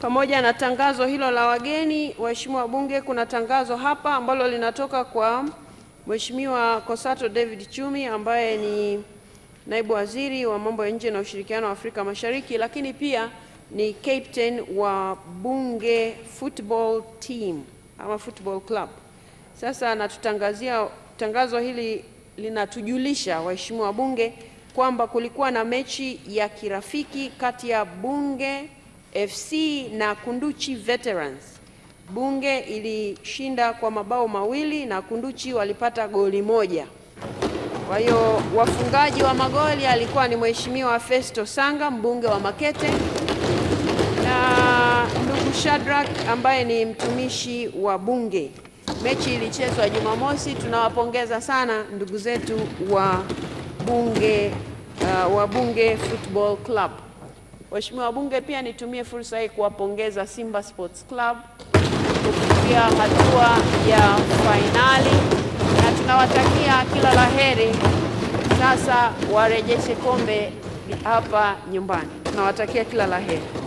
Pamoja na tangazo hilo la wageni, waheshimiwa wabunge, kuna tangazo hapa ambalo linatoka kwa Mheshimiwa Kosato David Chumi ambaye ni naibu waziri wa mambo ya nje na ushirikiano wa Afrika Mashariki, lakini pia ni captain wa Bunge football team ama football club. Sasa anatutangazia tangazo hili linatujulisha waheshimiwa wabunge kwamba kulikuwa na mechi ya kirafiki kati ya bunge FC na Kunduchi Veterans. Bunge ilishinda kwa mabao mawili na Kunduchi walipata goli moja. Kwa hiyo wafungaji wa magoli alikuwa ni Mheshimiwa Festo Sanga, mbunge wa Makete na ndugu Shadrack ambaye ni mtumishi wa bunge. Mechi ilichezwa Jumamosi. Tunawapongeza sana ndugu zetu wa bunge, uh, wa bunge football club. Waheshimiwa wabunge, pia nitumie fursa hii kuwapongeza Simba Sports Club kufikia hatua ya fainali, na tunawatakia kila la heri. Sasa warejeshe kombe hapa nyumbani, tunawatakia kila la heri.